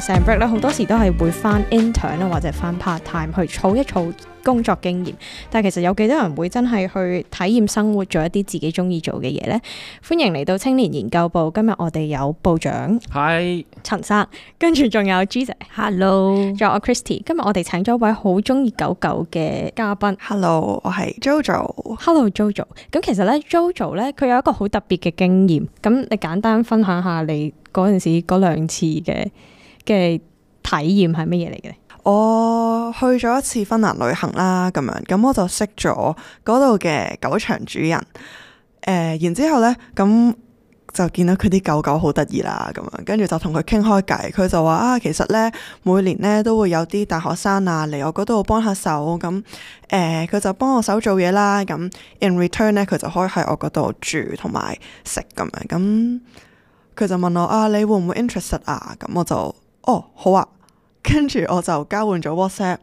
Sem Break 咧，好多時都係會翻 intern 啊，或者翻 part time 去儲一儲工作經驗。但係其實有幾多人會真係去體驗生活，做一啲自己中意做嘅嘢呢？歡迎嚟到青年研究部。今日我哋有部長，係 Hi 陳生，跟住仲有 G 姐，Hello，仲有 Christy。今日我哋請咗一位好中意狗狗嘅嘉賓，Hello，我係 Jojo，Hello Jojo。咁 jo jo. 其實咧 jo Jojo 咧，佢有一個好特別嘅經驗。咁你簡單分享下你嗰陣時嗰兩次嘅嘅體驗係乜嘢嚟嘅？我去咗一次芬蘭旅行啦，咁樣咁我就識咗嗰度嘅狗場主人。誒、呃，然之後呢，咁、嗯、就見到佢啲狗狗好得意啦，咁、嗯、樣跟住就同佢傾開偈。佢就話啊，其實呢，每年呢都會有啲大學生啊嚟我嗰度幫下手咁。誒、嗯，佢、嗯、就幫我手做嘢啦。咁、嗯、in return 呢，佢就可以喺我嗰度住同埋食咁樣。咁、嗯、佢、嗯、就問我啊，你會唔會 interest 啊？咁、嗯、我就。哦，好啊，跟住我就交換咗 WhatsApp，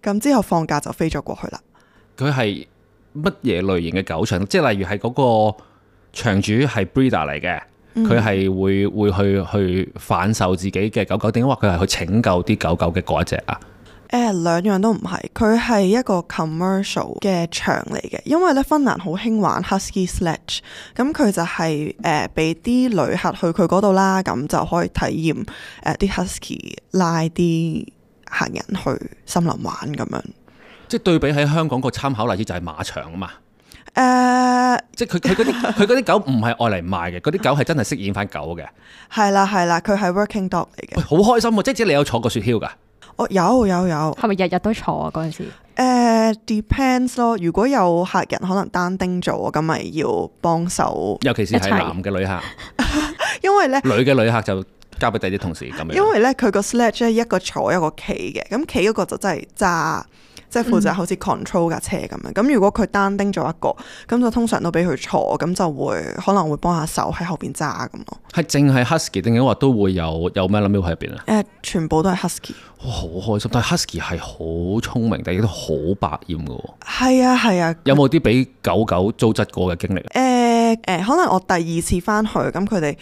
咁之後放假就飛咗過去啦。佢係乜嘢類型嘅狗場？即係例如係嗰個場主係 breeder 嚟嘅，佢係會會去去販售自己嘅狗狗，定係話佢係去拯救啲狗狗嘅嗰一隻啊？誒兩樣都唔係，佢係一個 commercial 嘅場嚟嘅，因為咧芬蘭好興玩 husky sledge，咁佢就係誒俾啲旅客去佢嗰度啦，咁就可以體驗誒啲 husky 拉啲客人去森林玩咁樣。即係對比喺香港個參考例子就係馬場啊嘛。誒，即係佢佢嗰啲佢啲狗唔係愛嚟賣嘅，嗰啲狗係真係適應翻狗嘅。係啦係啦，佢係 working dog 嚟嘅。好開心喎！即係即你有坐過雪橇㗎？我有有有，係咪日日都坐啊？嗰陣時，誒，depends 咯。如果有客人可能單丁做，咁咪要幫手。尤其是係男嘅旅客， 因為咧呢女嘅旅客就交俾第啲同事咁樣。因為咧佢個 sledge 咧一個坐一個企嘅，咁企嗰個就真係揸。即係負責好似 control 架車咁樣，咁如果佢單丁咗一個，咁就通常都俾佢坐，咁就會可能會幫下手喺後邊揸咁咯。係淨係 husky 定係話都會有有咩諗喺入邊啊？誒，uh, 全部都係 husky。哦，好開心！但係 husky 係好聰明，但係都好百厭嘅喎。係啊，係啊。有冇啲俾狗狗糟質過嘅經歷？誒誒，可能我第二次翻去咁，佢哋。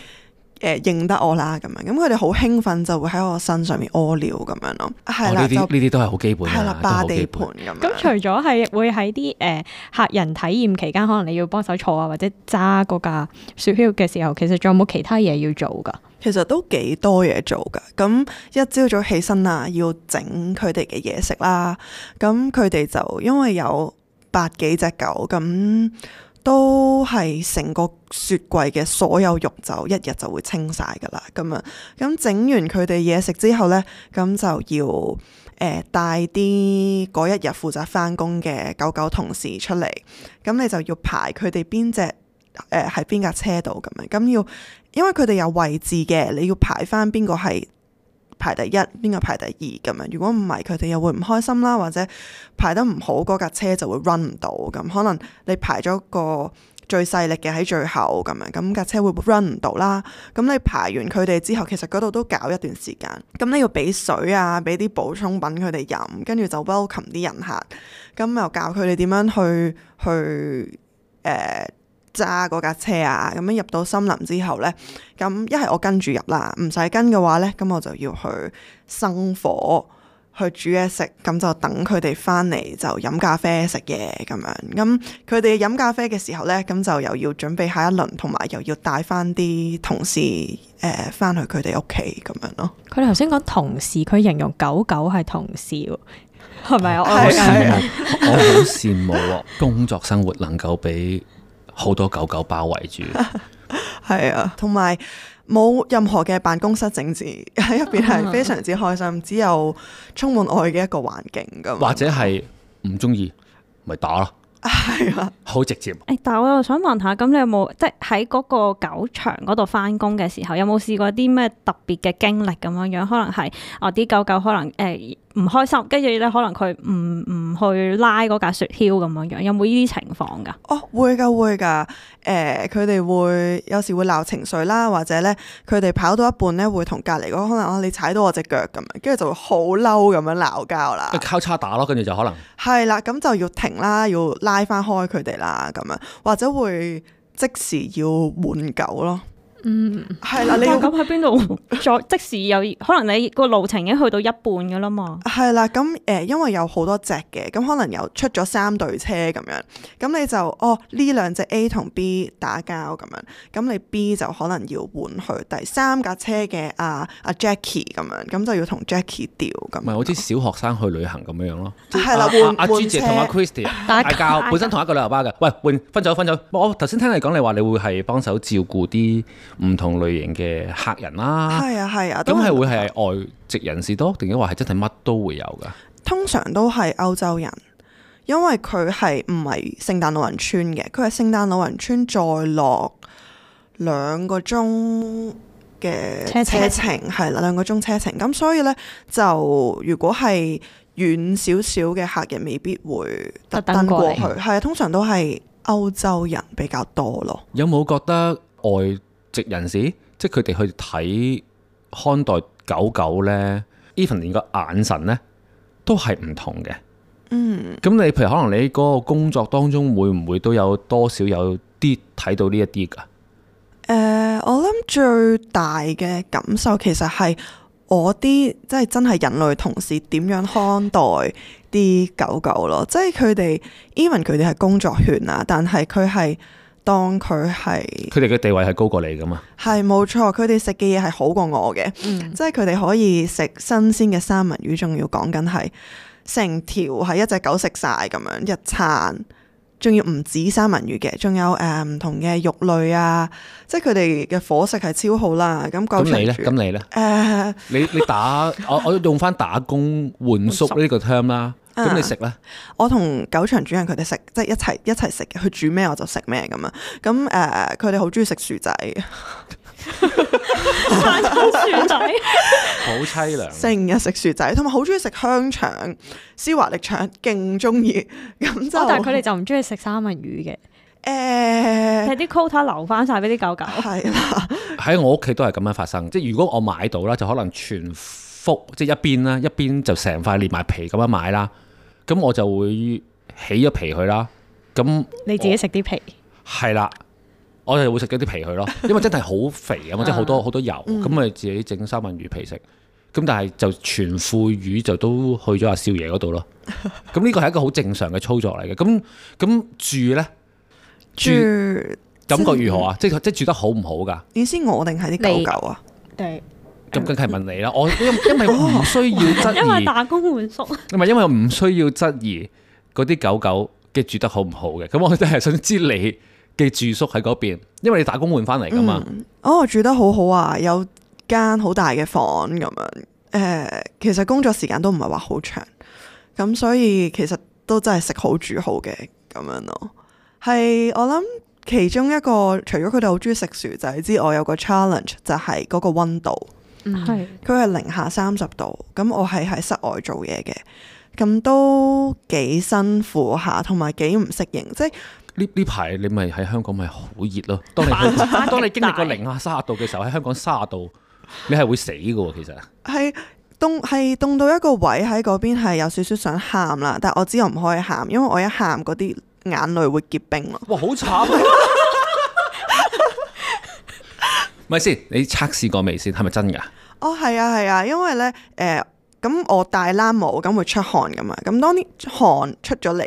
誒認得我啦，咁樣咁佢哋好興奮就會喺我身上面屙尿咁樣咯，係啦，呢啲都係好基本啦，霸地盤。咁除咗係，會喺啲誒客人體驗期間，可能你要幫手坐啊，或者揸嗰架雪橇嘅時候，其實仲有冇其他嘢要做噶？其實都幾多嘢做噶，咁一朝早起身啦，要整佢哋嘅嘢食啦，咁佢哋就因為有百幾隻狗咁。都係成個雪櫃嘅所有肉就一日就會清晒㗎啦，咁啊，咁整完佢哋嘢食之後呢，咁就要誒、呃、帶啲嗰一日負責返工嘅狗狗同事出嚟，咁你就要排佢哋邊隻誒喺邊架車度咁樣，咁要因為佢哋有位置嘅，你要排翻邊個係，排第一，邊個排第二咁樣？如果唔係，佢哋又會唔開心啦，或者排得唔好，嗰架車就會 run 唔到。咁可能你排咗個最細力嘅喺最後咁樣，咁架車會 run 唔到啦。咁你排完佢哋之後，其實嗰度都搞一段時間。咁你要俾水啊，俾啲補充品佢哋飲，跟住就 welcome 啲人客，咁又教佢哋點樣去去誒。呃揸嗰架車啊，咁樣入到森林之後呢，咁一係我跟住入啦，唔使跟嘅話呢，咁我就要去生火去煮嘢食，咁就等佢哋返嚟就飲咖啡食嘢咁樣。咁佢哋飲咖啡嘅時候呢，咁就又要準備下一輪，同埋又要帶翻啲同事誒翻去佢哋屋企咁樣咯。佢哋頭先講同事，佢、呃、形容狗狗係同事，係咪 我羨 我好羨慕工作生活能夠俾。好多狗狗包圍住，係 啊，同埋冇任何嘅辦公室政治喺入邊，係 非常之開心，只有充滿愛嘅一個環境噶。或者係唔中意咪打咯，係 啊，好直接。誒，但係我又想問下，咁你有冇即係喺嗰個狗場嗰度翻工嘅時候，有冇試過啲咩特別嘅經歷咁樣樣？可能係啊，啲、哦、狗狗可能誒。呃唔開心，跟住咧可能佢唔唔去拉嗰架雪橇咁樣樣，有冇呢啲情況噶？哦，會噶會噶，誒佢哋會有時會鬧情緒啦，或者咧佢哋跑到一半咧會同隔離嗰可能哦、啊、你踩到我隻腳咁樣，跟住就會好嬲咁樣鬧交啦。交叉打咯，跟住就可能係啦，咁就要停啦，要拉翻開佢哋啦，咁樣或者會即時要換狗咯。嗯，係啦，你咁喺邊度？再即時有可能你個路程已經去到一半噶啦嘛。係啦，咁誒，因為有好多隻嘅，咁可能有出咗三對車咁樣，咁你就哦呢兩隻 A 同 B 打交咁樣，咁你 B 就可能要換去第三架車嘅阿阿 Jackie 咁樣，咁就要同 Jackie 調咁。咪好似小學生去旅行咁樣樣咯，係啦，換，換車，阿 G 同阿 Christy 打交，本身同一個旅遊巴嘅。喂，換分手，分手。我頭先聽你講，你話你會係幫手照顧啲。唔同類型嘅客人啦，係啊係啊，咁係、啊、會係外籍人士多，定係話係真係乜都會有嘅？通常都係歐洲人，因為佢係唔係聖誕老人村嘅，佢係聖誕老人村再落兩個鐘嘅車程，係啦程，兩個鐘車程。咁所以呢，就如果係遠少少嘅客人，未必會特登過去。係、嗯、啊，通常都係歐洲人比較多咯。有冇覺得外？直人士，即係佢哋去睇看，看待狗狗呢 even 連個眼神呢，都係唔同嘅。嗯，咁你譬如可能你嗰個工作當中會唔會都有多少有啲睇到呢一啲噶？誒、呃，我諗最大嘅感受其實係我啲即係真係人類同事點樣看待啲狗狗咯，即係佢哋 even 佢哋係工作犬啊，但係佢係。當佢係，佢哋嘅地位係高過你噶嘛？係冇錯，佢哋食嘅嘢係好過我嘅，嗯、即係佢哋可以食新鮮嘅三文魚，仲要講緊係成條係一隻狗食晒咁樣一餐。仲要唔止三文魚嘅，仲有誒唔、呃、同嘅肉類啊！即係佢哋嘅伙食係超好啦。咁狗場主你咧？咁你咧？誒、呃，你你打 我我用翻打工換宿呢個 term 啦熟。咁你食啦、啊，我同狗場主人佢哋食，即係一齊一齊食，佢煮咩我就食咩咁啊！咁誒，佢哋好中意食薯仔。 食 薯仔，好淒涼。成日食薯仔，同埋好中意食香腸、斯華力腸，勁中意。咁就、哦、但係佢哋就唔中意食三文魚嘅。誒、欸，係啲 quota 留翻晒俾啲狗狗。係啦，喺我屋企都係咁樣發生。即係如果我買到啦，就可能全幅，即、就、係、是、一邊啦，一邊就成塊連埋皮咁樣買啦。咁我就會起咗皮去啦。咁你自己食啲皮？係啦。我哋會食嗰啲皮去咯，因為真係好肥啊嘛， 即係好多好多油，咁咪、 嗯、自己整三文魚皮食。咁但係就全副魚就都去咗阿少爺嗰度咯。咁呢個係一個好正常嘅操作嚟嘅。咁咁住咧，住，住感覺如何啊是？即係即係住得好唔好噶？你先我定係啲狗狗啊？咁梗係問你啦，我因因為唔需要質疑， 因為打工換宿，唔係因為唔需要質疑嗰啲狗狗嘅住得好唔好嘅。咁我真係想知你嘅住宿喺嗰邊，因為你打工換翻嚟噶嘛、嗯。哦，住得好好啊，有間好大嘅房咁樣。誒、呃，其實工作時間都唔係話好長，咁所以其實都真係食好煮好嘅咁樣咯。係我諗其中一個，除咗佢哋好中意食薯仔之外，有個 challenge 就係、是、嗰個溫度。係是。佢係零下三十度，咁我係喺室外做嘢嘅，咁都幾辛苦下，同埋幾唔適應，即係。呢呢排你咪喺香港咪好熱咯？當你 當你經歷過零下卅度嘅時候，喺香港卅度，你係會死噶其實。係凍，係凍到一個位喺嗰邊，係有少少想喊啦。但係我知我唔可以喊，因為我一喊嗰啲眼淚會結冰咯。哇，好慘啊！咪 先， 你測試過未先？係咪真噶？哦，係啊，係啊，因為咧，誒、呃。咁我戴冷帽咁會出汗噶嘛？咁當啲汗出咗嚟，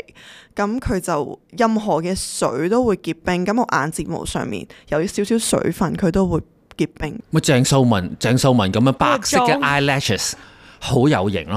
咁佢就任何嘅水都會結冰。咁我眼睫毛上面有少少水分，佢都會結冰。咪鄭秀文，鄭秀文咁樣白色嘅 eyelashes。好有型咯，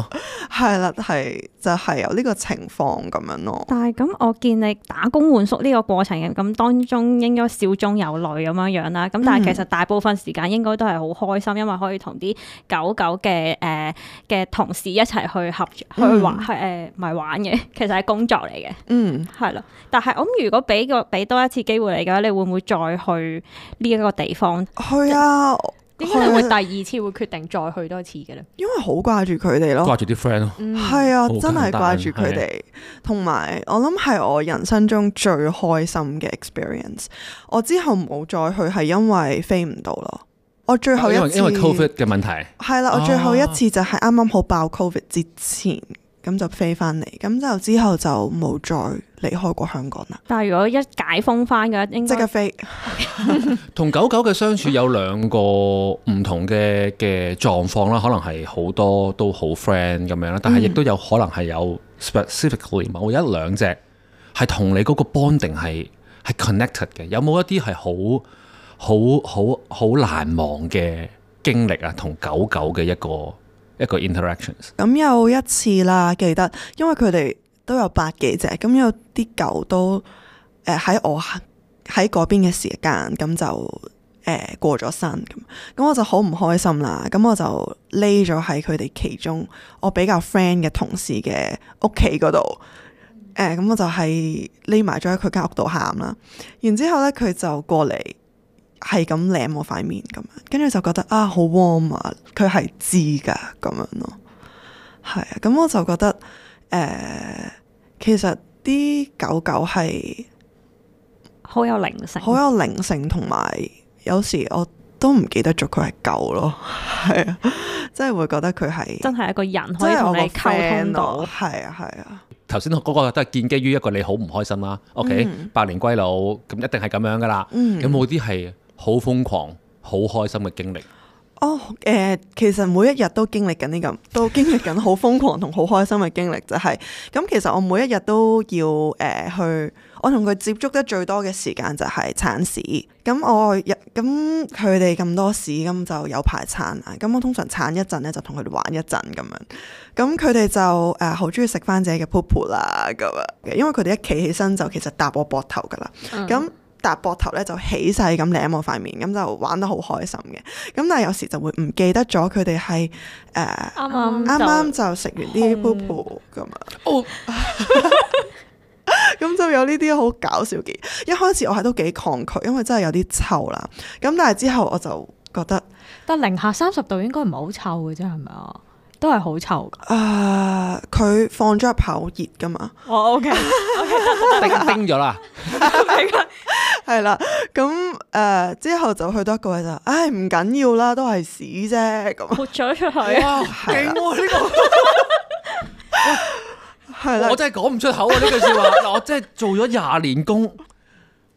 啊，係啦，係就係、是、有呢個情況咁樣咯。但係咁，我見你打工換宿呢個過程嘅咁當中，應該笑中有淚咁樣樣啦。咁但係其實大部分時間應該都係好開心，因為可以同啲狗狗嘅誒嘅同事一齊去合去玩，係誒唔係玩嘅。其實係工作嚟嘅。嗯，係啦。但係我如果俾個俾多一次機會你嘅話，你會唔會再去呢一個地方？去啊！點解你會第二次會決定再去多次嘅咧？因為好掛住佢哋咯，掛住啲 friend 咯，係啊，真係掛住佢哋。同埋我諗係我人生中最開心嘅 experience。我之後冇再去係因為飛唔到咯。我最後一次因為，因為 COVID 嘅問題，係啦，啊。我最後一次就係啱啱好爆 COVID 之前。咁就飛翻嚟，咁就之後就冇再離開過香港啦。但係如果一解封翻嘅，應該即刻飛。同 狗狗嘅相處有兩個唔同嘅嘅狀況啦，可能係好多都好 friend 咁樣啦，但係亦都有可能係有 specifically 某一兩隻係同你嗰個 bonding 係係 connected 嘅。有冇一啲係好好好好難忘嘅經歷啊？同狗狗嘅一個。一個 interactions。咁有一次啦，記得，因為佢哋都有百幾隻，咁有啲狗都誒喺、呃、我喺嗰邊嘅時間，咁就誒、呃、過咗身。咁，咁我就好唔開心啦。咁我就匿咗喺佢哋其中我比較 friend 嘅同事嘅屋企嗰度，誒、呃、咁我就係匿埋咗喺佢間屋度喊啦。然之後咧，佢就過嚟。係咁舐我塊面咁樣，跟住就覺得啊好 warm 啊，佢係知噶咁樣咯，係啊，咁我就覺得誒、呃，其實啲狗狗係好有靈性，好有靈性，同埋有時我都唔記得咗佢係狗咯，係啊，真係會覺得佢係真係一個人可以同你溝通到，係啊係啊。頭先嗰個都係建基於一個你好唔開心啦、啊，OK？嗯、百年歸老咁一定係咁樣噶啦，有冇啲係？好瘋狂、好開心嘅經歷哦！誒、oh, 呃，其實每一日都經歷緊呢咁，都經歷緊好瘋狂同好開心嘅經歷、就是，就係咁。其實我每一日都要誒、呃、去，我同佢接觸得最多嘅時間就係鏟屎。咁我咁佢哋咁多屎，咁就有排鏟啦。咁我通常鏟一陣咧，就同佢哋玩一陣咁樣。咁佢哋就誒好中意食翻自己嘅 poop 啦，咁啊，因為佢哋一企起身就其實搭我膊頭噶啦，咁。嗯搭膊頭咧就起晒咁舐我塊面，咁就玩得好開心嘅。咁但係有時就會唔記得咗佢哋係誒，啱啱啱啱就食完啲 poo 咁啊！咁就有呢啲好搞笑嘅。一開始我係都幾抗拒，因為真係有啲臭啦。咁但係之後我就覺得，但零下三十度應該唔係好臭嘅啫，係咪啊？都係好臭噶，啊、呃！佢放咗入口熱噶嘛，我、oh, OK，叮叮咗啦，係啦，咁、呃、誒之後就去到一個位就，唉唔緊要啦，都係屎啫咁，活咗出去，啊哇，勁呢個，係啦 了，我真係講唔出口啊。呢句說話，嗱 我真係做咗廿年工。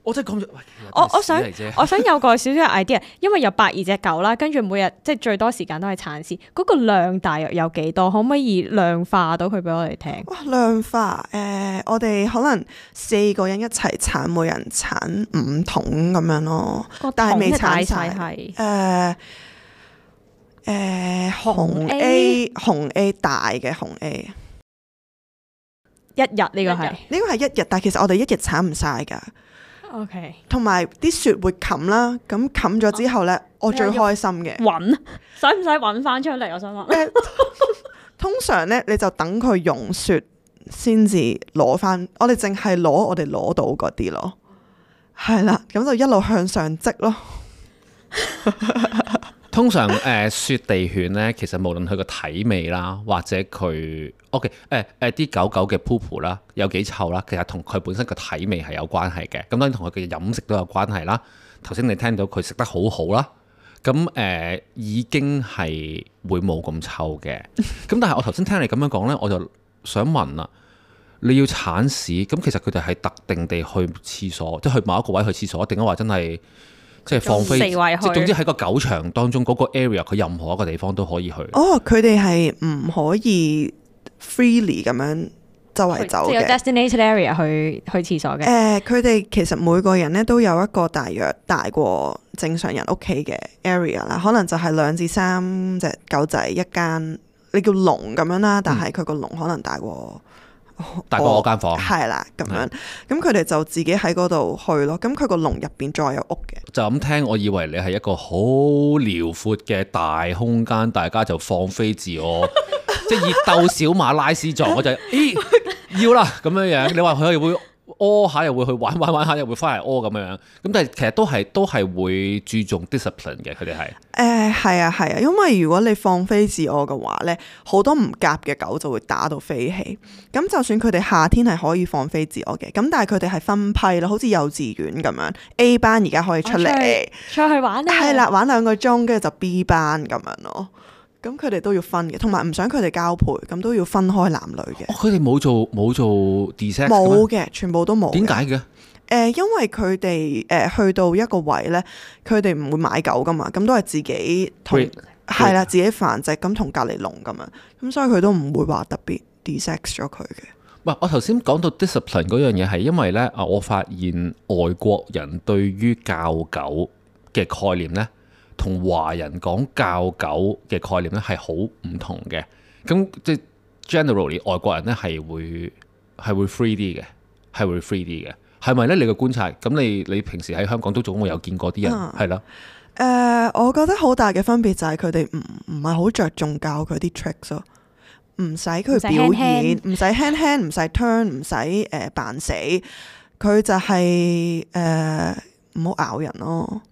我真係講咗，我我想我想有個少少嘅 idea，因為有百二隻狗啦，跟住每日即係最多時間都係鏟屎。嗰、那個量大約有幾多？可唔可以量化到佢俾我哋聽？哇，量化誒、呃，我哋可能四個人一齊鏟，每人鏟五桶咁樣咯，個桶 但係未鏟晒係，誒誒紅 A 紅 A 大嘅紅 A 一日呢個係，呢個係一日，但係其實我哋一日鏟唔晒噶。O K，同埋啲雪會冚啦，咁冚咗之後呢，啊、我最開心嘅。揾，使唔使揾翻出嚟？我想問。 通常呢，你就等佢融雪先至攞翻。我哋淨係攞我哋攞到嗰啲咯，係啦，咁就一路向上積咯。 通常誒、呃、雪地犬呢，其實無論佢個體味啦，或者佢 OK 誒誒啲狗狗嘅 poo 啦，有幾臭啦，其實同佢本身個體味係有關係嘅。咁當然同佢嘅飲食都有關係啦。頭先你聽到佢食得好好啦，咁誒、呃、已經係會冇咁臭嘅。咁 但係我頭先聽你咁樣講呢，我就想問啦，你要鏟屎咁，其實佢哋係特定地去廁所，即係去某一個位去廁所，定係話真係？即係放飛，即係總之喺個狗場當中嗰個 area，佢任何一個地方都可以去。哦，佢哋係唔可以 freely 咁樣周圍走嘅，即有 destination area 去去廁所嘅。誒、呃，佢哋其實每個人咧都有一個大約大過正常人屋企嘅 area 啦，可能就係兩至三隻狗仔一間，你叫籠咁樣啦，但係佢個籠可能大過。嗯大過我間房間，係啦咁樣，咁佢哋就自己喺嗰度去咯。咁佢個籠入邊再有屋嘅。就咁聽，我以為你係一個好遼闊嘅大空間，大家就放飛自我， 即係熱鬥小馬拉屎狀我，就，咦、欸、要啦咁樣嘢。你話佢有唔有？屙下又會去玩，玩玩下又會返嚟屙咁樣，咁但係其實都係都係會注重 discipline 嘅，佢哋係。誒係啊係啊，因為如果你放飛自我嘅話咧，好多唔夾嘅狗就會打到飛起。咁就算佢哋夏天係可以放飛自我嘅，咁但係佢哋係分批咯，好似幼稚園咁樣，A 班而家，可以出嚟，啊，出去玩，係啦玩兩個鐘，跟住就 B 班咁樣咯。咁佢哋都要分嘅，同埋唔想佢哋交配，咁都要分開男女嘅。佢哋冇做冇做 desex 冇嘅，全部都冇。點解嘅？誒、呃，因為佢哋誒去到一個位咧，佢哋唔會買狗噶嘛，咁都係自己同係啦，自己繁殖咁同隔離籠咁樣，咁所以佢都唔會話特別 desex 咗佢嘅。唔、呃、我頭先講到 discipline 嗰樣嘢係因為咧啊，我發現外國人對於教狗嘅概念咧。同華人講教狗嘅概念咧係好唔同嘅，咁即係 generally 外國人咧係會係會 free 啲嘅，係會 free 啲嘅，係咪咧？你嘅觀察。咁你你平時喺香港都總會有見過啲人係咯，誒，我覺得好大嘅分別就係佢哋唔唔係好着重教佢啲 tricks 咯，唔使佢表演，唔使 hand hand，唔使 turn，唔使誒扮死，佢就係誒唔好咬人咯。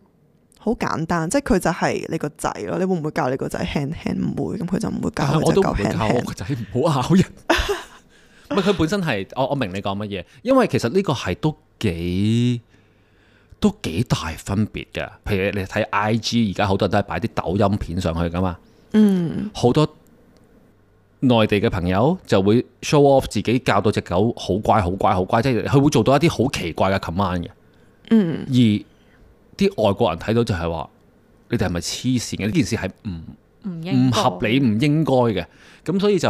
好簡單，即係佢就係你個仔咯。你會唔會教你個仔 han han？唔會，咁佢就唔會教。教 han han？啊、我都會教我個仔唔好咬人。佢 本身係，我我明你講乜嘢，因為其實呢個係都幾都幾大分別嘅。譬如你睇 IG，而家好多人都係擺啲抖音片上去㗎嘛。嗯，好多內地嘅朋友就會 show off 自己教到隻狗好乖、好乖、好乖，即係佢會做到一啲好奇怪嘅 command 嘅。嗯，而啲外國人睇到就係話：你哋係咪黐線嘅？呢件事係唔唔合理、唔應該嘅。咁所以就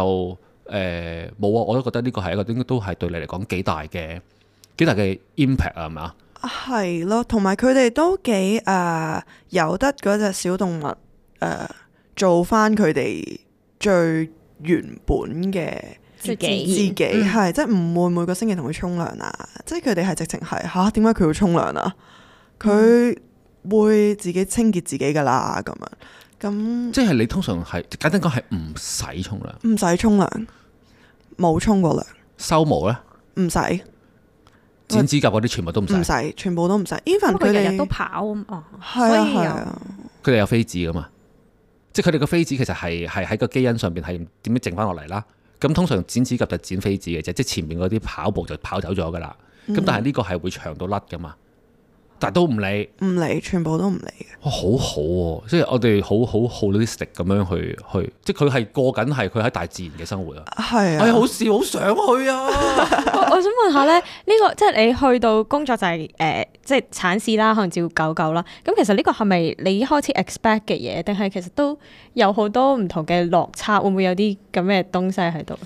誒冇、呃、啊！我都覺得呢個係一個應該都係對你嚟講幾大嘅幾大嘅 impact 啊，係咪啊？係咯，同埋佢哋都幾誒由得嗰隻小動物誒、呃、做返佢哋最原本嘅自己，自己、嗯、即係唔會每個星期同佢沖涼啊！即係佢哋係直情係吓點解佢要沖涼啊？佢、嗯、會自己清潔自己噶啦，咁樣咁。即係你通常係簡單講，係唔使沖涼，唔使沖涼，冇沖過涼。修毛咧，唔使我剪指甲嗰啲，全部都唔使，全部都唔使。even 佢日日都跑，哦，係啊係啊，佢哋有飛脂噶嘛？即係佢哋個飛脂其實係係喺個基因上邊係點樣剩翻落嚟啦？咁通常剪指甲就剪飛脂嘅啫，即係前面嗰啲跑步就跑走咗噶啦。咁但係呢個係會長到甩噶嘛？嗯但都唔理，唔理，全部都唔理哇、哦，好好喎、啊！即係我哋好好好啲食咁樣去去，即係佢係過緊係佢喺大自然嘅生活啊。係啊，啊哎、好笑，好想去啊！ 我，我想問下咧，呢、這個即係你去到工作就係、是、誒、呃，即係鏟屎啦，可能照顧狗狗啦。咁其實呢個係咪你開始 expect 嘅嘢？定係其實都有好多唔同嘅落差，會唔會有啲咁嘅東西喺度？誒、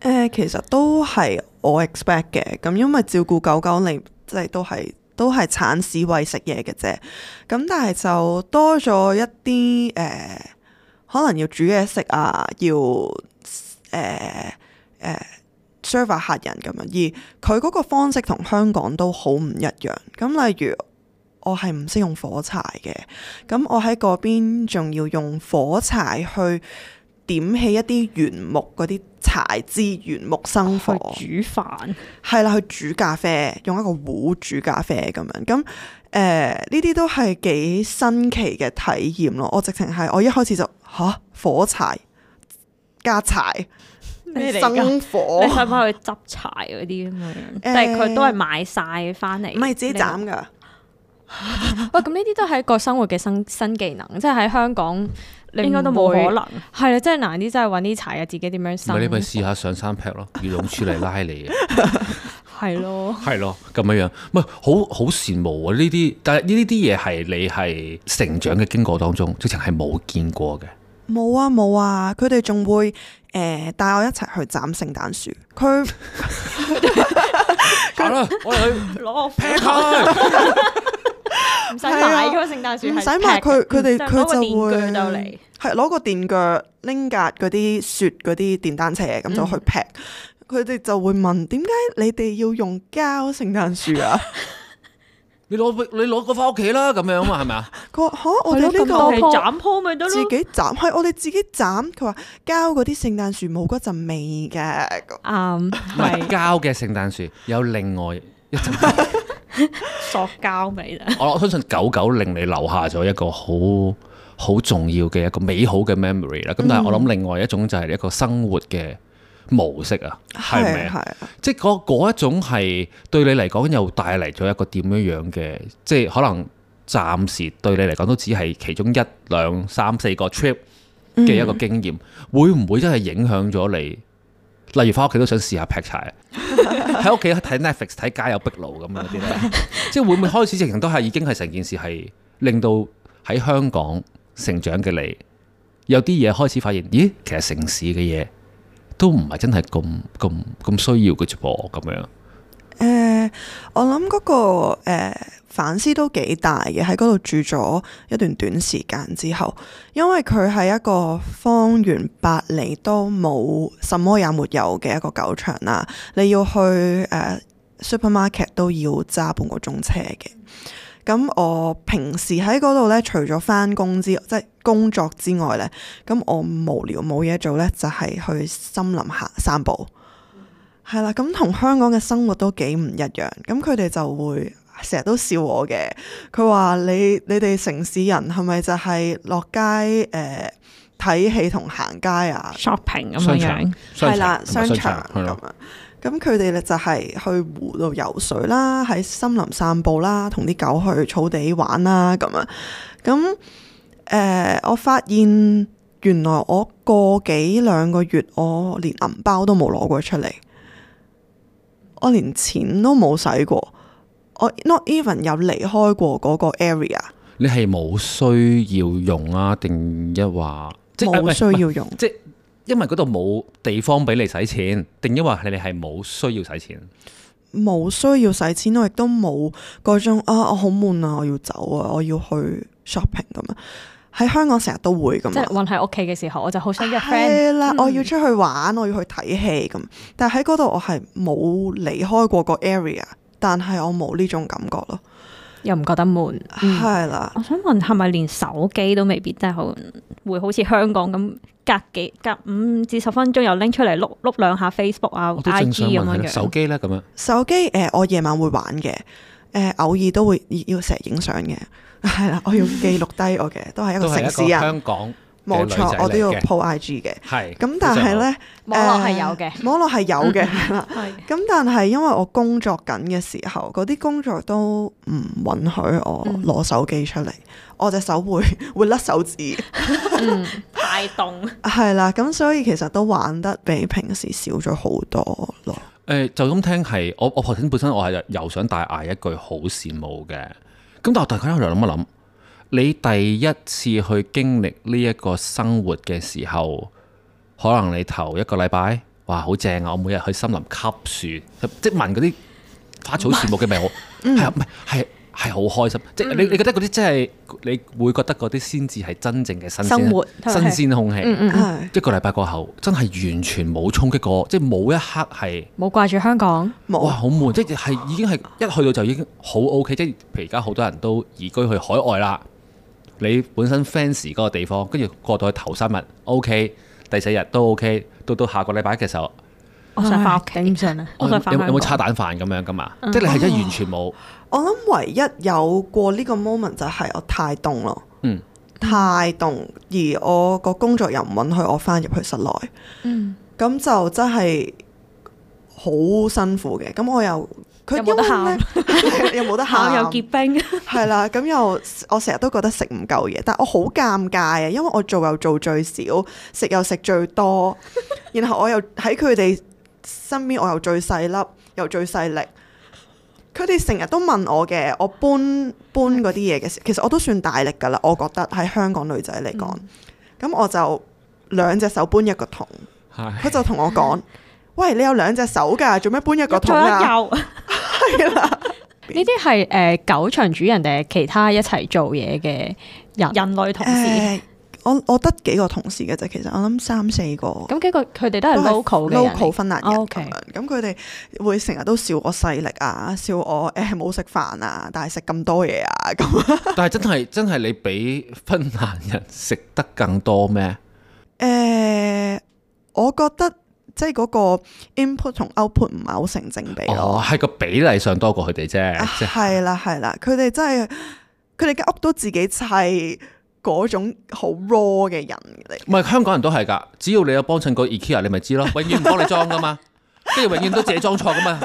呃，其實都係我 expect 嘅。咁因為照顧狗狗，你即係都係。都係鏟屎餵食嘢嘅啫，咁但係就多咗一啲誒、呃，可能要煮嘢食啊，要誒誒 serve 客人咁樣，而佢嗰個方式同香港都好唔一樣。咁例如我係唔識用火柴嘅，咁我喺嗰邊仲要用火柴去。點起一啲原木嗰啲柴枝，原木生火煮飯，係啦，去煮咖啡，用一個壺煮咖啡咁樣。咁、呃、誒，呢啲都係幾新奇嘅體驗咯。我直情係我一開始就吓火柴，加柴咩生火，你係咪去執柴嗰啲咁樣？但係佢都係買晒翻嚟，唔係自己斬噶。喂，咁呢啲都係一個生活嘅新新技能，即係喺香港你應該都冇可能，係啊，真係難啲，真係搵啲柴啊，自己點樣生？咪你咪試下上山劈咯，要龍珠嚟拉你啊，係咯，係咯，咁樣樣，唔係好好羨慕啊呢啲，但係呢啲嘢係你係成長嘅經過當中，直情係冇見過嘅，冇啊冇啊，佢哋仲會誒帶、呃、我一齊去斬聖誕樹，佢，攞去劈佢。 唔使買嗰個聖誕樹，唔使買佢，佢哋佢就會係攞個電鋸，拎架嗰啲雪嗰啲電單車咁就去劈。佢哋就會問：點解你哋要用膠聖誕樹啊？你攞你攞個翻屋企啦，咁樣嘛係咪啊？佢話嚇，我哋呢個係斬樖咪得，自己斬，係我哋自己斬。佢話膠嗰啲聖誕樹冇嗰陣味嘅，啱唔係膠嘅聖誕樹有另外一陣。塑膠 味啦，我相信狗狗令你留下咗一個好好重要嘅一個美好嘅 memory 啦。咁但係我諗另外一種就係一個生活嘅模式啊，係咪啊？即係嗰一種係對你嚟講又帶嚟咗一個點樣樣嘅，即係可能暫時對你嚟講都只係其中一兩三四個 trip 嘅一個經驗，嗯、會唔會真係影響咗你？例如翻屋企都想試下劈柴，喺屋企 睇 Netflix 睇《街有壁奴壁爐》咁嗰啲即係會唔會開始直情都係已經係成件事係令到喺香港成長嘅你，有啲嘢開始發現，咦，其實城市嘅嘢都唔係真係咁咁咁需要嘅啫噃，咁樣。誒、呃，我諗嗰、那個、呃、反思都幾大嘅，喺嗰度住咗一段短時間之後，因為佢係一個方圓百里都冇什麼也沒有嘅一個狗場啦。你要去、呃、supermarket 都要揸半個鐘車嘅。咁我平時喺嗰度咧，除咗翻工之外即係工作之外咧，咁我無聊冇嘢做咧，就係、是、去森林行散步。係啦，咁同、嗯、香港嘅生活都幾唔一樣。咁佢哋就會成日都笑我嘅。佢話你你哋城市人係咪就係落街誒睇、呃、戲同行街啊，shopping 咁樣係啦，商場咁樣。咁佢哋咧就係去湖度游水啦，喺森林散步啦，同啲狗去草地玩啦，咁樣。咁誒、呃，我發現原來我個幾兩個月，我連銀包都冇攞過出嚟。我連錢都冇使過，我 not even 有離開過嗰個 area。你係冇需要用啊？定一話冇需要用？即係、呃、因為嗰度冇地方俾你使錢，定一話你哋係冇需要使錢？冇需要使錢，我亦都冇嗰種啊！我好悶啊，我要走啊，我要去 shopping 咁啊。喺香港成日都會咁，即係困喺屋企嘅時候，我就好想約 friend 啦。嗯、我要出去玩，我要去睇戲咁。但係喺嗰度我係冇離開過個 area，但係我冇呢種感覺咯。又唔覺得悶，係、嗯、啦。我想問係咪連手機都未必真係好會好似香港咁隔幾隔五至十分鐘又拎出嚟碌碌兩下 Facebook 啊 IG 咁樣，樣。手機咧咁樣？手機誒，我夜晚會玩嘅。誒、呃，偶爾都會要成日影相嘅，係啦，我要記錄低我嘅， 都係一個城市人，香港，冇錯，我都要 po IG 嘅，咁是但係咧，嗯、網絡係有嘅，網絡係有嘅，係啦，咁但係因為我工作緊嘅時候，嗰啲工作都唔允許我攞手機出嚟，嗯、我隻手會會甩手指， 嗯、太凍，係啦，咁所以其實都玩得比平時少咗好多咯。誒、欸、就咁聽係我我頭先本身我係又，又想大嗌一句好羨慕嘅，咁但係大家喺度諗一諗，你第一次去經歷呢一個生活嘅時候，可能你頭一個禮拜，哇，好正啊！我每日去森林吸樹即聞嗰啲花草樹木嘅味道麼，係唔係係？ 嗯係好開心，即係你，你覺得嗰啲真係、嗯、你會覺得嗰啲先至係真正嘅新鮮、活新鮮空氣。一個禮拜過後，真係完全冇衝擊過，即係冇一刻係冇掛住香港。哇，好悶，即係已經係 一去到就已經好 OK。即係譬如而家好多人都移居去海外啦，你本身 fans 嗰個地方，跟住過到去頭三日 OK，第四日都 OK，到到下個禮拜嘅時候。我想翻屋企，唔想啊！有有冇叉蛋飯咁樣噶嘛？即係你係真完全冇。我諗唯一有過呢個 moment 就係我太凍咯，嗯，太凍，而我個工作又唔允許我翻入去室內，嗯，咁就真係好辛苦嘅。咁我又佢因為咧，又冇得喊，又結冰，係啦。咁又我成日都覺得食唔夠嘢，但係我好尷尬啊，因為我做又做最少，食又食最多，然後我又喺佢哋。身邊我又最細粒，又最細力，佢哋成日都問我嘅。我搬搬嗰啲嘢嘅時，其實我都算大力㗎喇，我覺得喺香港女仔嚟講，咁、嗯、我就兩隻手搬一個桶，佢唉就同我講，喂，你有兩隻手㗎，做咩搬一個桶啊？有，呢啲係誒狗場主人定係其他一齊做嘢嘅人，人類同事。呃我我得幾個同事嘅啫，其實我諗三四個。咁幾個佢哋都係 local 嘅，local 芬蘭人，咁佢哋會成日都笑我勢力啊，笑我誒冇食飯啊，但係食咁多嘢啊咁。 但係真係真係你比芬蘭人食得更多咩？誒、欸，我覺得即係嗰個 input 同 output 唔係好成正比咯，係、哦、個比例上多過佢哋啫。係啦係啦，佢哋是真係佢哋嘅屋都自己砌。嗰種好 raw 嘅人嚟，唔係香港人都係噶，只要你有幫襯過 IKEA 你咪知咯，永遠唔幫你裝噶嘛，跟住永遠都自己裝錯噶嘛。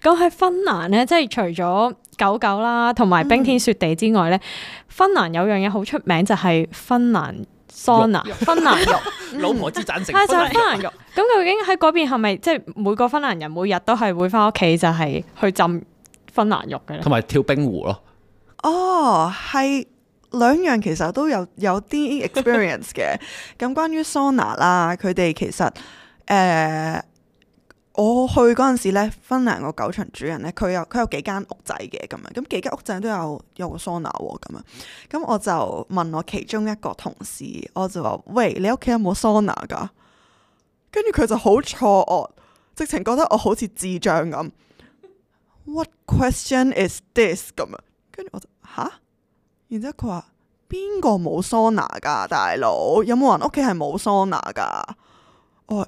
咁喺芬蘭咧，即係除咗狗狗啦，同埋冰天雪地之外咧，芬蘭有樣嘢好出名就係芬蘭桑拿、芬蘭浴、老婆之贊成、芬蘭浴。咁究竟喺嗰邊係咪即係每個芬蘭人每日都係會翻屋企就係去浸芬蘭浴嘅咧？同埋跳冰湖咯。哦，係。兩樣其實都有有啲 experience 嘅。咁關於 sauna 啦，佢哋其實誒、呃，我去嗰陣時咧，芬蘭個狗場主人咧，佢有佢有幾間屋仔嘅咁樣，咁幾間屋仔都有有個 sauna 喎咁樣。咁我就問我其中一個同事，我就話：喂，你屋企有冇 sauna 㗎？跟住佢就好錯愕，直情覺得我好似智障咁。What question is this？咁樣，跟住我就吓。然之後佢話：邊個冇桑拿㗎，大佬？有冇人屋企係冇桑拿㗎？我話誒、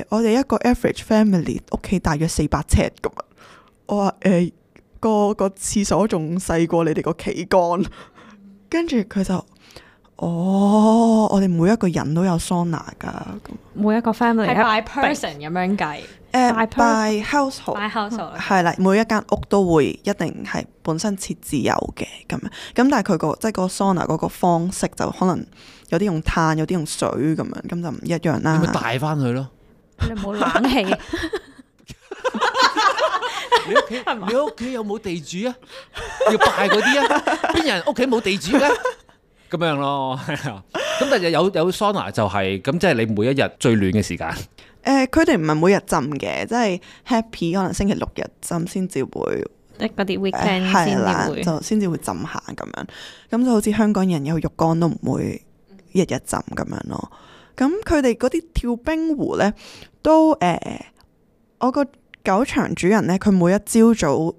呃，我哋一個 average family 屋企大約四百尺咁啊！我話誒、呃，個個廁所仲細過你哋個旗杆，跟住佢就。哦，我哋每一個人都有桑拿㗎，每一個 family 係 by person 咁樣計，誒 by household，係啦，每一間屋都會一定係本身設置有嘅咁樣，咁但係佢個即係個桑拿嗰個方式就可能有啲用炭，有啲用水咁樣，咁就唔一樣啦。咪帶翻去咯，你冇冷氣，你屋企你屋企有冇地主啊？要拜嗰啲啊？邊 人屋企冇地主嘅？ 咁樣咯，咁但係有有桑拿就係、係、咁，即係你每一日最暖嘅時間。誒、 呃，佢哋唔係每日浸嘅，即係 happy 可能星期六日浸先至會，嗰啲 weekend 先至會，就先至會浸下咁樣。咁就好似香港人有浴缸都唔會日日浸咁樣咯。咁佢哋嗰啲跳冰湖咧都誒、呃，我個狗場主人咧，佢每一朝早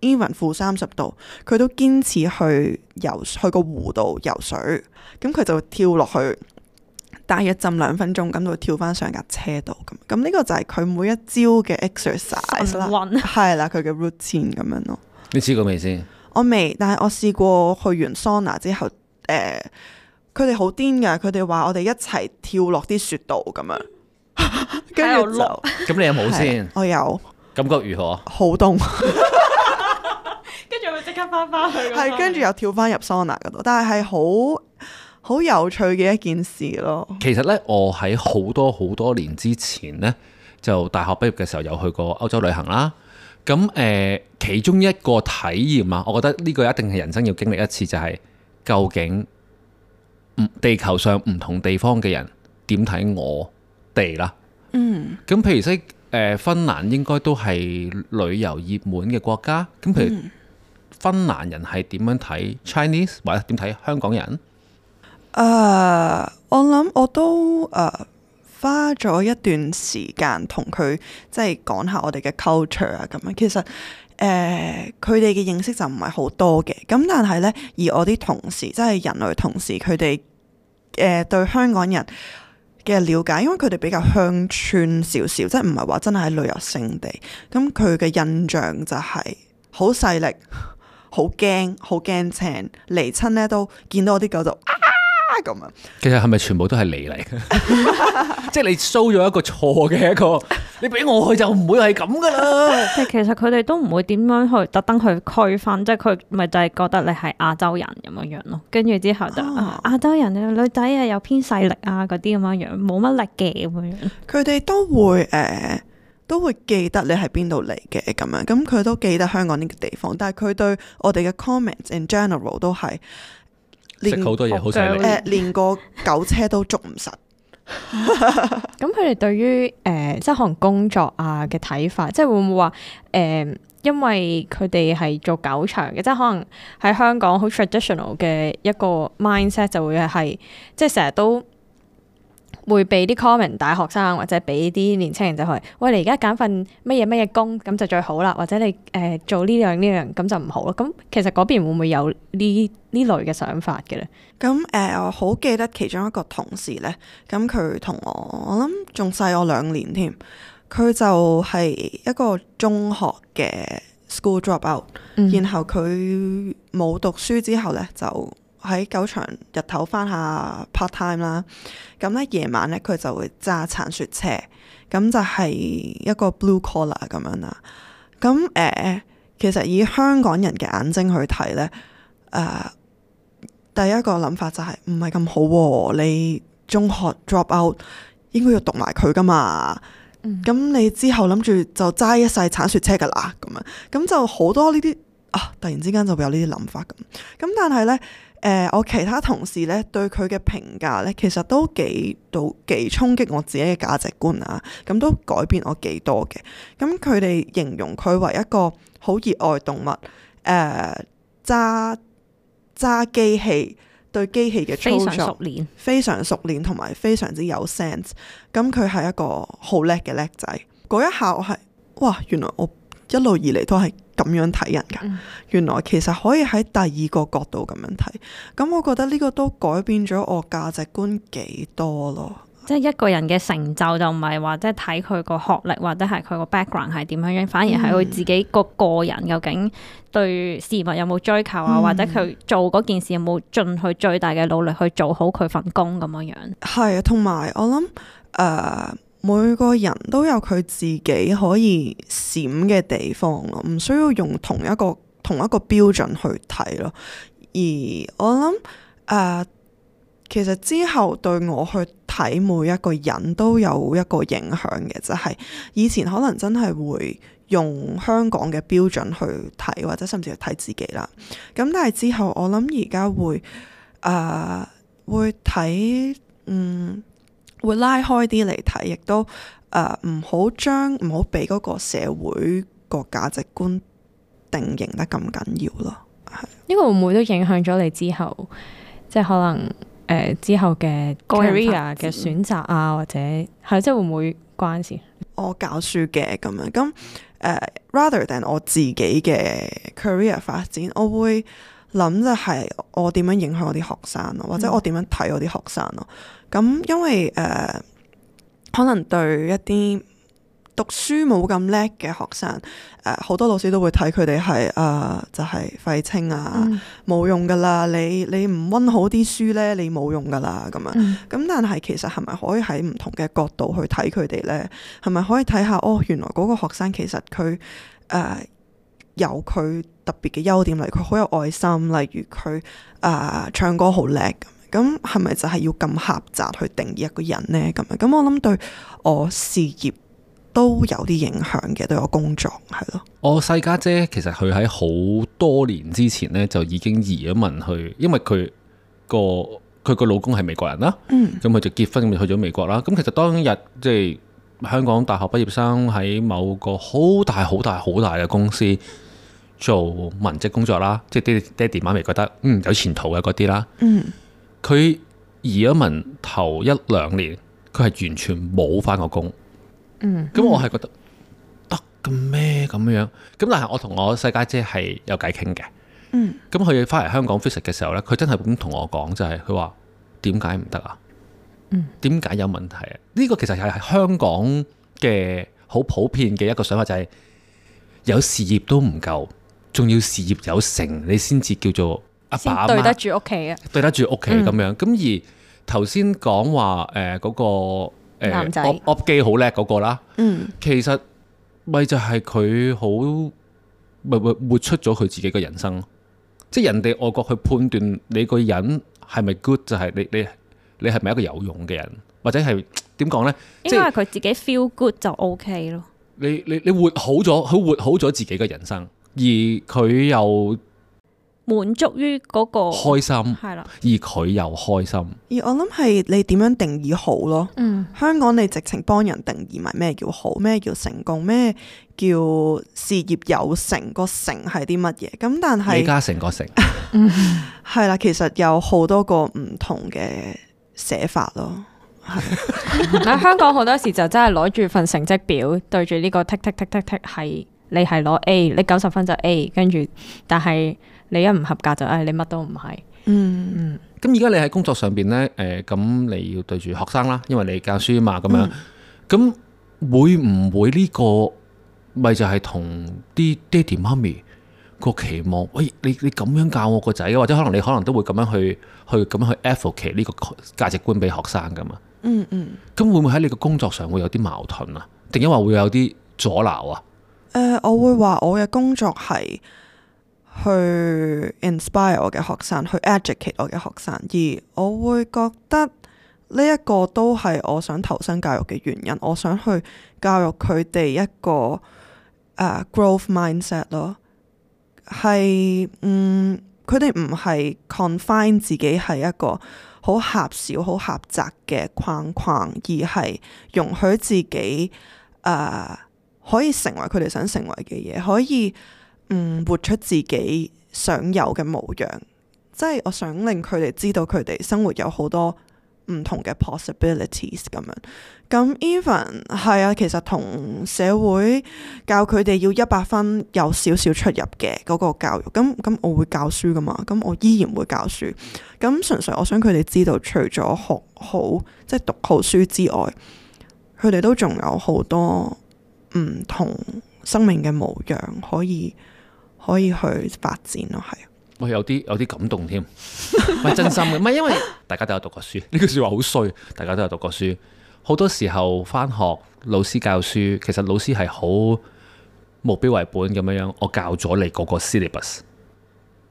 even 負三十度，佢都堅持去游去個湖度游水，咁佢就會跳落去，大約浸兩分鐘，咁就會跳翻上架車度咁。咁呢個就係佢每一朝嘅 exercise 啦 11.，係啦，佢嘅 routine 咁樣咯。你試過未先？我未，但係我試過去完桑拿之後，誒、呃，佢哋好癲噶，佢哋話我哋一齊跳落啲雪度咁樣。跟住落，咁 就 你有冇先？我有，感覺如何？好凍，跟住我即刻翻翻去，係跟住又跳翻入桑拿嗰度。 但係係好好有趣嘅一件事咯。其實呢，我喺好多好多年之前呢，就大學畢業嘅時候有去過歐洲旅行啦。咁誒、呃，其中一個體驗啊，我覺得呢個一定係人生要經歷一次，就係、是、究竟，唔地球上唔同地方嘅人點睇我。地啦，嗯，咁譬如說，誒，芬蘭應該都係旅遊熱門嘅國家，咁譬如芬蘭人係點樣睇 Chinese 或者點睇香港人？誒、呃，我諗我都誒、呃、花咗一段時間同佢即係講下我哋嘅 culture 啊，咁樣其實誒佢哋嘅認識就唔係好多嘅，咁但係呢，而我啲同事即係人類同事，佢哋誒對香港人嘅了解，因為佢哋比較鄉村少少，即係唔係話真係旅遊勝地，咁佢嘅印象就係好勢力，好驚，好驚請嚟親呢都見到我啲狗就。咁啊，其實係咪全部都係你嚟嘅？ 即係你 show 咗一個錯嘅一個，你俾我去就唔會係咁㗎啦。但係 其實佢哋都唔會點樣去特登去區分，即係佢咪就係覺得你係亞洲人咁樣樣咯。跟住之後就、啊、亞洲人啊，女仔啊，又偏勢力啊嗰啲咁樣樣，冇乜力嘅咁樣。佢哋都會誒、呃、都會記得你係邊度嚟嘅咁樣，咁佢都記得香港呢個地方，但係佢對我哋嘅 comments in general 都係。識好連多嘢好犀利、呃，誒連個狗車都捉唔實。咁佢哋對於誒、呃、即係可能工作啊嘅睇法，即係會唔會話誒、呃、因為佢哋係做狗場嘅，即係可能喺香港好 traditional 嘅一個 mindset 就會係即係成日都。會俾啲 common 大學生或者俾啲年輕人就去。喂，你而家揀份乜嘢乜嘢工，咁就最好啦，或者你誒、呃、做呢樣呢樣，咁就唔好啦。咁其實嗰邊會唔會有呢呢類嘅想法嘅咧？咁誒、呃，我好記得其中一個同事咧，咁佢同我，我諗仲細我兩年添，佢就係一個中學嘅 school dropout，嗯哼。然後佢冇讀書之後咧就。喺狗場日頭翻下 part time 啦、啊，咁咧夜晚咧佢就會揸鏟雪車，咁就係一個 blue collar 咁樣啦。咁、啊、誒，其實以香港人嘅眼睛去睇咧，誒、啊，第一個諗法就係唔係咁好喎。你中學 drop out 應該要讀埋佢噶嘛，咁、嗯啊、你之後諗住就揸一世鏟雪車噶啦，咁樣咁就好多呢啲啊，突然之間就會有、啊、呢啲諗法咁。咁但係咧。誒、呃，我其他同事咧對佢嘅評價咧，其實都幾到幾衝擊我自己嘅價值觀啊！咁都改變我幾多嘅。咁佢哋形容佢為一個好熱愛動物，誒揸揸機器對機器嘅操作非常熟練，非常熟練同埋非常之有 sense。咁佢係一個好叻嘅叻仔。嗰一下我係哇，原來我～一路以嚟都係咁樣睇人㗎，原來其實可以喺第二個角度咁樣睇，咁我覺得呢個都改變咗我價值觀幾多咯。即係一個人嘅成就就唔係話即係睇佢個學歷或者係佢個 background 係點樣樣，反而係佢自己個個人究竟對事物有冇追求啊，嗯、或者佢做嗰件事有冇盡佢最大嘅努力去做好佢份工咁樣樣。係啊，同埋我諗誒，呃每個人都有佢自己可以閃嘅地方咯，唔需要用同一個同一個標準去睇咯。而我諗誒、呃，其實之後對我去睇每一個人都有一個影響嘅，就係、是、以前可能真係會用香港嘅標準去睇，或者甚至去睇自己啦。咁但係之後我諗而家會誒、呃、會睇嗯。會拉開啲嚟睇，亦都誒唔好將唔好俾嗰個社會個價值觀定型得咁緊要咯。係，呢個會唔會都影響咗你之後，即係可能誒、呃、之後嘅 career 嘅選擇啊，或者係即係會唔會關事？我教書嘅咁樣，咁誒、呃、rather than 我自己嘅 career 發展，我會，諗就係我點樣影響我啲學生咯，或者我點樣睇我啲學生咯？咁、嗯、因為誒、呃，可能對一啲讀書冇咁叻嘅學生，誒、呃，好多老師都會睇佢哋係誒，就係、是、廢青啊，冇、嗯、用噶啦！你你唔溫好啲書咧，你冇用噶啦咁樣！咁、嗯、但係其實係咪可以喺唔同嘅角度去睇佢哋咧？係咪可以睇下哦？原來嗰個學生其實佢誒。呃有佢特別嘅優點嚟，佢好有愛心，例如佢啊、呃、唱歌好叻咁，咁係咪就係要咁狹窄去定義一個人呢？咁樣咁我諗對我事業都有啲影響嘅，對我工作係咯。我細家姐，姐其實佢喺好多年之前呢，就已經移咗民去，因為佢個佢個老公係美國人啦。嗯，咁佢就結婚就去咗美國啦。咁其實當日即係香港大學畢業生喺某個好大好大好大嘅公司。做文職工作啦，即係爹爹哋媽咪覺得嗯，有前途嘅嗰啲啦。嗯，佢移咗民頭一兩年，佢係完全冇返過工。嗯，咁我係覺得得嘅咩咁樣？咁但係我同我細家姐係有偈傾嘅。嗯，咁佢返嚟香港 fit 嘅時候咧，佢真係咁同我講就係佢話點解唔得啊？嗯，點解有問題啊？呢個其實係香港嘅好普遍嘅一個想法，就係有事業都唔夠。仲要事業有成，你先至叫做阿爸阿媽對得住屋企啊！對得住屋企咁樣咁。而頭先講話誒嗰個、呃、男仔生，我記好叻嗰個啦。嗯，其實咪就係佢好咪會活出咗佢自己嘅人生咯。即、就、係、是、人哋外國去判斷你個人係咪 good，就係你你你係咪一個有用嘅人，或者係點講咧？呢就是、因為佢自己 feel good 就 OK 咯。你你你活好咗，佢活好咗自己嘅人生。而佢又滿足於嗰個開心，係啦。而佢又開心。開心，而我諗係你點樣定義好咯？嗯，香港你直情幫人定義埋咩叫好，咩叫成功，咩叫事業有成，個成係啲乜嘢？咁但係李嘉誠個成係啦、嗯。 其實有好多個唔同嘅寫法咯。係， 香港好多時就真係攞住份成績表對住呢個 tick tick tick tick 係。踢踢踢踢踢你係攞 A，你九十分就 A，跟住，但係你一唔合格就，誒，你乜都唔係。嗯。咁而家你喺工作上邊呢，誒、呃，咁你要對住學生啦，因為你教書啊嘛，咁、嗯、樣，咁會唔會呢、這個咪就係同啲爹哋媽咪個期望，喂、哎，你你咁樣教我個仔，或者可能你可能都會咁樣去去咁樣去 advocate 呢個價值觀俾學生噶嘛？嗯嗯。咁、嗯、會唔會喺你嘅工作上會有啲矛盾啊？定因為會有啲阻撓啊？Uh, 我會話我嘅工作係去 inspire 我嘅學生，去 educate 我嘅學生，而我會覺得呢一個都係我想投身教育嘅原因。我想去教育佢哋一個、uh, growth mindset 咯，係嗯，佢哋唔係 confine 自己係一個好狹小、好狹窄嘅框框，而係容許自己、uh, 可以成為佢哋想成為嘅嘢，可以嗯活出自己想有嘅模樣。即係我想令佢哋知道，佢哋生活有好多唔同嘅 possibilities 咁樣。咁 even 係啊，其實同社會教佢哋要一百分有少少出入嘅嗰個教育。咁咁我會教書㗎嘛，咁我依然會教書。咁純粹我想佢哋知道，除咗學好即係、就是、讀好書之外，佢哋都仲有好多。唔同生命嘅模樣，可以可以去發展咯，係。我有啲有啲感動添，係 真心嘅，唔係因為大家都有讀過書，呢句說話好衰，大家都有讀過書。好多時候翻學，老師教書，其實老師係好目標為本咁樣樣，我教咗你個個 syllabus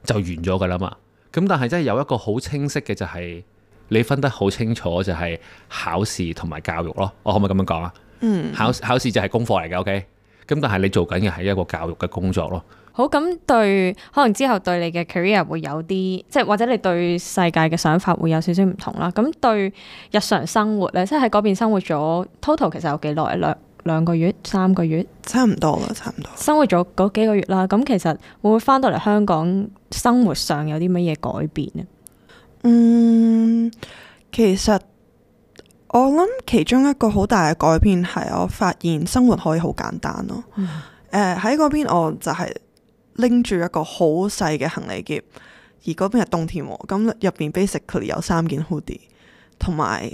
就完咗噶啦嘛。咁但係真係有一個好清晰嘅就係、是，你分得好清楚就係考試同埋教育咯。我可唔可以咁樣講啊？嗯，考考試就係功課嚟嘅，OK，咁但係你做緊嘅係一個教育嘅工作咯。好，咁對可能之後對你嘅 career 會有啲，即係或者你對世界嘅想法會有少少唔同啦。咁對日常生活咧，即係喺嗰邊生活咗 total 其實有幾耐？兩兩個月、三個月，差唔多啦，差唔多。生活咗嗰幾個月啦，咁其實會唔會翻到嚟香港生活上有啲乜嘢改變呢？嗯，其實。我諗其中一個好大嘅改變係，我發現生活可以好簡單咯。喺嗰、嗯呃、邊我就係拎住一個好細嘅行李篋，而嗰邊係冬天喎，咁入邊 basically 有三件 hoodie o 同埋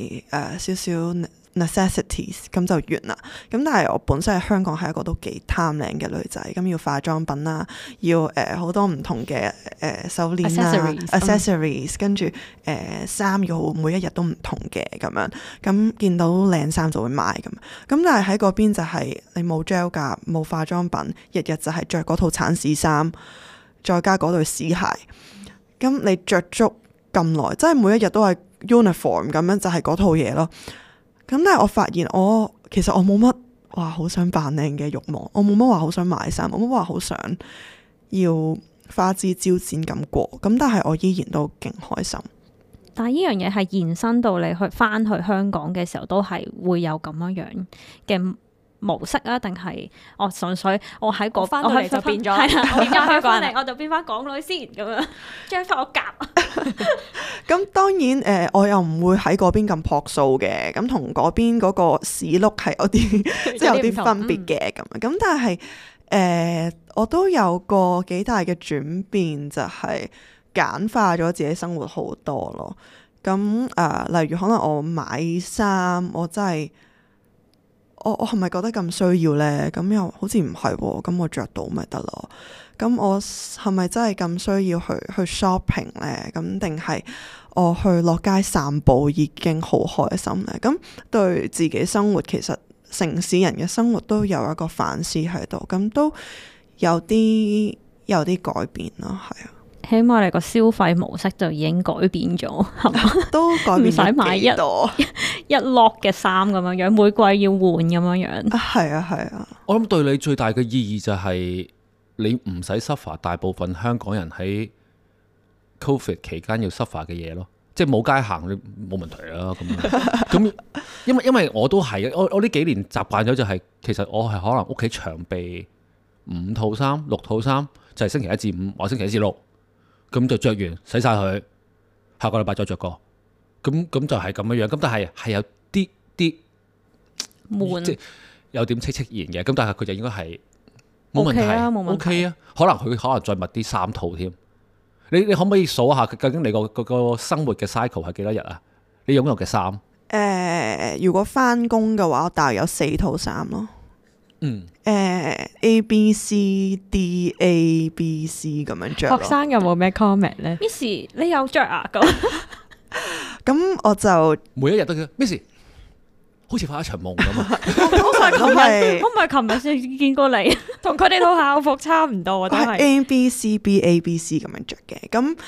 誒少少。necessities 咁就完啦。咁但係我本身喺香港係一個都幾貪靚嘅女仔，咁要化妝品啦，要誒好多唔同嘅誒手鏈啊 accessories，accessories 跟住誒衫要每一日都唔同嘅咁樣。咁見到靚衫就會買咁。咁但係喺嗰邊就係你冇 gel 架冇化妝品，日日就係着嗰套產屎衫，再加嗰對屎鞋。咁你着足咁耐，即係每一日都係 uniform 咁樣，就係嗰套嘢咯。咁但係我發現我，我其實我冇乜話好想扮靚嘅欲望，我冇乜話好想買衫，冇乜話好想要花枝招展咁過。咁但係我依然都勁開心。但係呢樣嘢係延伸到你去翻去香港嘅時候，都係會有咁樣樣嘅。模式啊，定係我純粹我喺嗰翻到嚟就變咗，變咗佢翻嚟我就變翻港女先咁樣，將翻我夾。咁 當然誒，我又唔會喺嗰邊咁樸素嘅，咁同嗰邊嗰個市碌係有啲即係有啲分別嘅咁。咁、嗯嗯、但係誒、呃，我都有個幾大嘅轉變，就係、是、簡化咗自己生活好多咯。咁誒，例如可能我買衫，我真係。我我係咪覺得咁需要呢？咁又好似唔係，咁我着到咪得咯？咁我係咪真係咁需要去去 shopping 呢？咁定係我去落街散步已經好開心呢？咁對自己生活，其實城市人嘅生活都有一個反思喺度，咁都有啲有啲改變咯，係啊。起碼你個消費模式就已經改變咗，係咪？都改變咗，唔使 買一一,一 lock 嘅衫咁樣樣，每季要換咁樣樣。係啊，係啊。啊我諗對你最大嘅意義就係、是、你唔使 suffer 大部分香港人喺 COVID 期間要 suffer 嘅嘢咯，即係冇街行你冇問題啦、啊。咁咁， 因為因為我都係，我我呢幾年習慣咗就係、是，其實我係可能屋企長備五套衫、六套衫，就係、是、星期一至五，或者星期一至六。咁就著完洗晒佢，下個禮拜再著過。咁咁就係咁樣樣。咁但係係有啲啲悶，即係有點戚戚然嘅。咁但係佢就應該係冇問題啊，冇問題。O K 啊，可能佢可能再密啲三套添。你你可唔可以數一下？究竟你個嗰個生活嘅 cycle 係幾多日啊？你擁有嘅衫誒，如果翻工嘅話我大約有四套衫咯。嗯，誒，A B C D A B C 咁樣着。學生有冇咩 comment 咧？Miss，你有着啊？咁，咁我就每一日都叫。Miss，好似發一場夢咁啊！我唔係琴日，我唔係琴日先見過你，同佢哋套校服差唔多。但係 A B C B A B C 咁樣着嘅，咁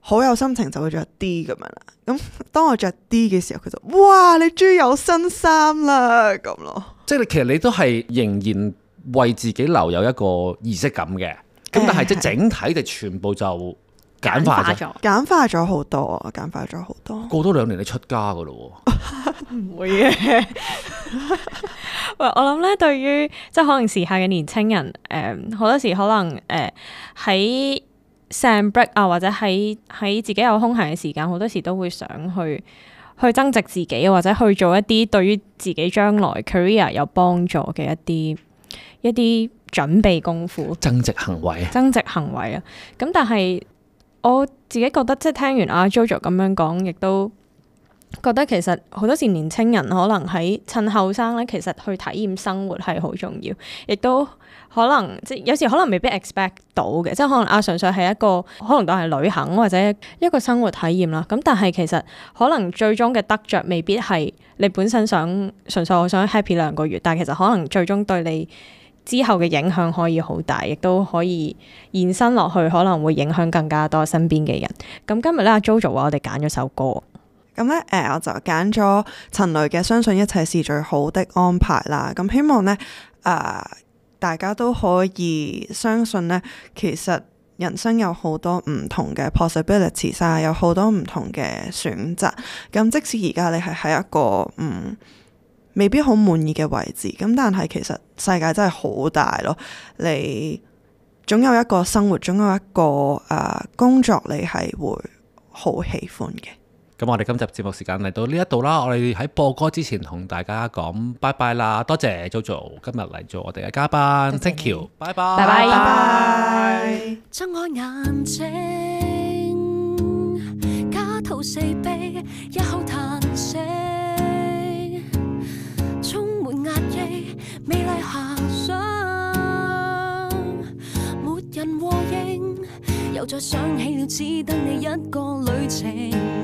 好有心情就會着 D 咁樣啦。咁當我着 D 嘅時候，佢就哇，你終於有新衫啦，咁咯。即係其實你都係仍然為自己留有一個儀式感嘅，咁但係即係整體就全部就簡化咗，簡化咗好多，簡化咗好多。過多兩年你出家噶咯喎，唔會嘅。喂，我諗咧，對於即係可能時下嘅年輕人，誒、嗯、好多時可能誒喺、嗯、sem break 啊，或者喺喺自己有空閒嘅時間，好多時都會想去。去增值自己，或者去做一啲對於自己將來 career 有幫助嘅一啲一啲準備功夫，增值行為，增值行為啊！咁但係我自己覺得，即係聽完阿、啊、JoJo 咁樣講亦都。覺得其實好多時年青人可能喺趁後生咧，其實去體驗生活係好重要，亦都可能即有時可能未必 expect 到嘅，即係可能啊純粹係一個可能都係旅行或者一個生活體驗啦。咁但係其實可能最終嘅得着未必係你本身想純粹我想 happy 兩個月，但係其實可能最終對你之後嘅影響可以好大，亦都可以延伸落去，可能會影響更加多身邊嘅人。咁今日咧，阿 JoJo 話我哋揀咗首歌。咁咧，誒、嗯，我就揀咗陳蕾嘅《相信一切是最好的安排》啦。咁希望咧，誒、呃，大家都可以相信咧，其實人生有好多唔同嘅 possibilities 啊，有好多唔同嘅選擇。咁、嗯、即使而家你係喺一個嗯未必好滿意嘅位置，咁但係其實世界真係好大咯。你總有一個生活，總有一個誒、呃、工作，你係會好喜歡嘅。咁我哋今集節目時間嚟到呢一度啦，我哋喺播歌之前同大家講拜拜啦，多謝 JoJo 今日嚟做我哋嘅嘉賓，Thank you 拜拜，拜拜。睜開眼睛，家徒四壁，一口嘆息充滿壓抑，美麗遐想，沒人和應，又再想起了，只得你一個旅程。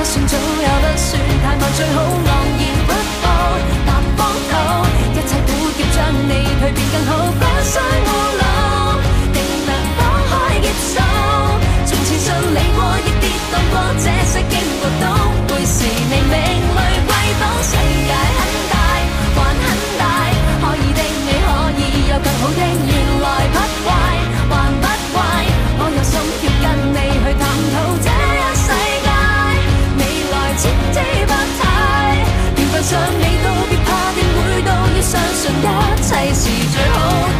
算有不算早也不算太晚，最好昂然不慌踏方口。一切苦澀將你蛻變更好，不需懊惱，定能躲開。劫數。從前順利過，亦跌倒過。這些經過都會是命裏貴寶。世界很大，還很大，可以的，你可以有更好的。尚未到，你都別怕，定會到。要相信一切是最好。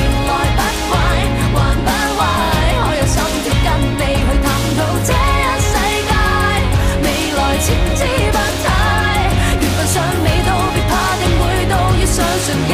千姿百態，緣分尚未到，別怕，定會到，要相信。